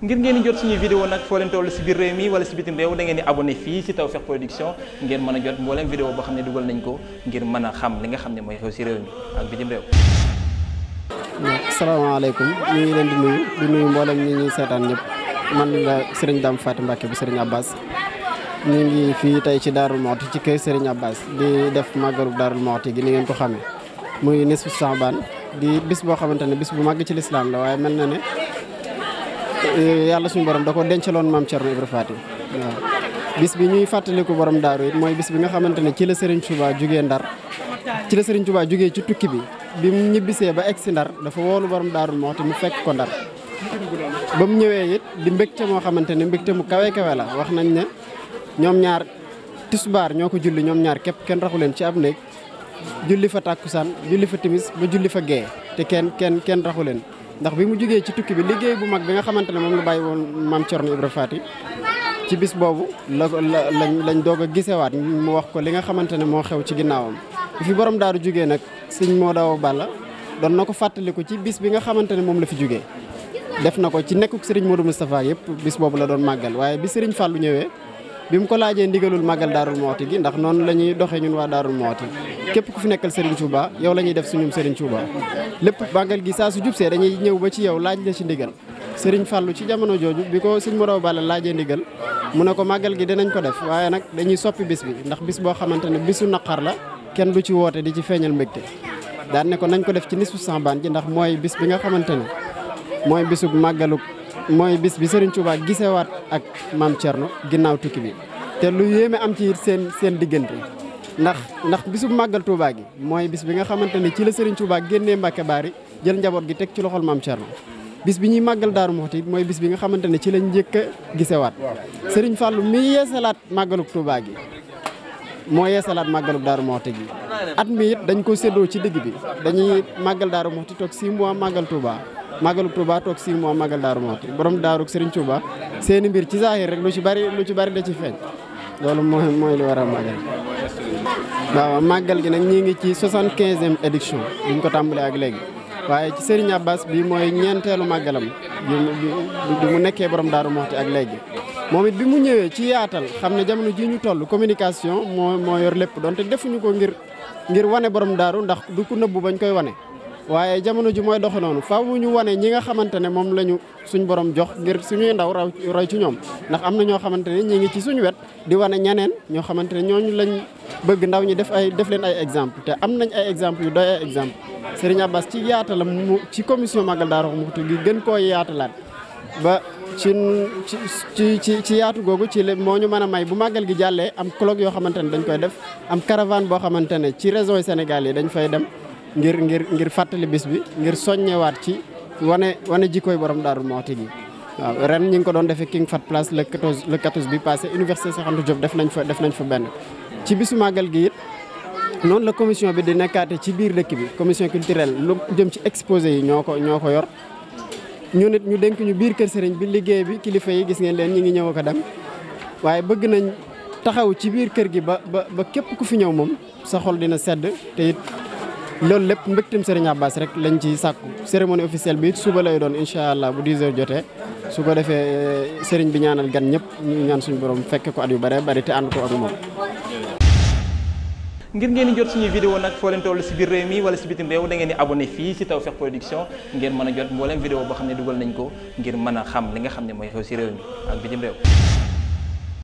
ngir ngeen jot suñuy vidéo nag foo leen toll si biir réew mi wala si bitim réew da ngeen di abonné fii si Tawfekh Production ngeen mën a jot mbooleem vidéo boo xam ne dugal nañ ko ngir mën a xam li nga xam ne mooy xew si réew ñu ngi leen di nuyu di nuyu mboolem ñi ñuy seetaan ñëpp man la sëriñ Dame Fatou Mbacke bu sëriñ Abbas ñu ngi fii tey ci Darou Mouhty ci kër sëriñ Abbas di def màggalu Darou Mouhty gi ni ngeen ko xamee muy nisfu Saabaan di bis boo xamante ne bis bu màgg ci lislaam la waaye mel na ne Eh, yàlla suñu borom da ko dencaloon maam Thierno Ibra Faty waaw bis bi ñuy fàttaliku borom daaru it mooy bis bi nga xamante ne ci la Serigne Touba jugee Ndar ci la Serigne Touba jugee ci tukki bi bi mu ñibbisee ba egg si Ndar dafa woolu borom daarul moo te mu fekk ko Ndar ba mu ñëwee it di mbégte moo xamante ne mbégte mu kawe kawe la wax nañ ne ñoom ñaar tisbaar ñoo ko julli ñoom ñaar képp kenn raxu leen ci ab néeg julli fa tàkkusaan julli fa timis ba julli fa gee te kenn kenn kenn raxu leen ndax bi mu jógee ci tukki bi liggéey bu mag bi nga xamante ne moom la bàyyi woon maam Thierno Ibra Faty ci bis boobu la la lañ doog a gisewaat mu wax ko li nga xamante ne moo xew ci ginnaawam bu fi borom daaru jógee nag sëñ moo daw balla doon na ko fàttaliku ci bis bi nga xamante ne moom la fi jógee def na ko ci nekkuk sëriñ Modou Moustapha yëpp bis boobu la doon màggal waaye bi sëriñ Fallou ñëwee bi mu ko laajee ndigalul màggal daarul mooti gi ndax noonu la ñuy doxee ñun waa daarul mooti képp ku fi nekkal Serigne Touba yow la ñuy def suñum Serigne Touba lépp màggal gi saa su jub see dañuy ñëw ba ci yow laaj la ci ndigal Serigne Fallou ci jamono jooju bi ko suñ morow balla laajee ndigal mu ne ko màggal gi dinañ ko def waaye nag dañuy soppi bis bi ndax bis boo xamante ne bisu naqar la kenn du ci woote di ci feeñal mbégte daan ne ko nañ ko def ci nisu Sambaan ji ndax mooy bis bi nga xamante ne mooy bisu màggaluk mooy bis bi Serigne Touba gisewaat ak maam Thierno ginnaaw tukki bi te lu yéeme am ci seen seen diggante ndax ndax bisub màggal Touba gi mooy bis bi nga xamante ne ci la Serigne Touba génnee Mbàkke Baari jël njaboot gi teg ci loxol maam Thierno bis bi ñuy màggal Daaru Muxti mooy bis bi nga xamante ne ci lañ njëkk a gisewaat Serigne Fallou mi yeesalaat màggalu Touba gi moo salaat màggaluk Daaru Muxti gi at mi it dañ ko séddoo ci digg bi dañuy màggal Daaru Muxti toog 6 mois màggal Touba màggalu Touba toog six mois màggal Daaru Muxti borom daaru Serigne Touba seeni mbir ci zaahir rek lu ci bari lu ci bari da ci feeñ loolu mooy mooy li war a màggal waaw màggal gi nag ñi ngi ci soixante-quinzième édition biñ ko tàmbalee ak léegi waaye ci Serigne Abbas bi mooy ñeenteelu màggalam bi mu nekkee borom Daaru moo Muxti ak léegi moom it bi mu ñëwee ci yaatal xam ne jamono ji ñu toll communication moo moo yor lépp donte defuñu ko ngir ngir wane borom daaru ndax du ko nëbbu bañ koy wane waaye jamono ji mooy dox noonu faaw ñu wane ñi nga xamante ne moom la ñu suñ borom jox ngir suñuy ndaw raw roy ci ñoom ndax am na ñoo xamante ne ñi ngi ci suñu wet di wane ñeneen ñoo xamante ne ñooñu lañu bëgg ndaw ñi def ay def leen ay exemple te am nañ ay exemple yu doy ay exemple Serigne Abbas ci yaatalam mu ci commission Magal Daaru Muxti gi gën koo yaatalaat ba ci ci ci ci yaatu googu ci moo ñu mën a may bu màggal gi jàllee am colloque yoo xamante ne dañ koy def am caravane boo xamante ne ci régions yi Sénégal yi dañ fay dem ngir ngir ngir fàttali bis bi ngir soññewaat ci wane wane jikkooy borom Daaru Muxti gi waaw ren ñi ngi ko doon defee King Fat Place le 14 le 14 bi passé université Cheikh Anta Diop def nañ fa def fa benn. ci bisu màggal gi it noonu la commission bi di nekkaate ci biir dëkk bi commission culturelle lu jëm ci exposé yi ñoo ko ñoo ko yor. ñu nit ñu dénk ñu biir kër sëriñ bi liggéey bi kilifa yi gis ngeen leen ñi ngi ñëw ko dem waaye bëgg nañ taxaw ci biir kër gi ba ba ba képp ku fi ñëw moom sa xol dina sedd te loolu lépp mbégtim Serigne Abbas rek lañ ci sàkku cérémonie officielle bi it suba lay doon incha allah bu 10h jotee su ko defee eh, Serigne bi ñaanal gan ñëpp ñaan suñu borom fekke ko at yu bare bari te ànd ko ak moom. ngir ngeen di jot suñuy vidéo nag foo leen toll si biir réew mi wala si bitim réew da ngeen di abonné fii si Tawfekh Production ngeen mën a jot mbooleem vidéo boo xam ne dugal nañ ko ngir mën a xam li nga xam ne mooy xew si mi ak bitim réew.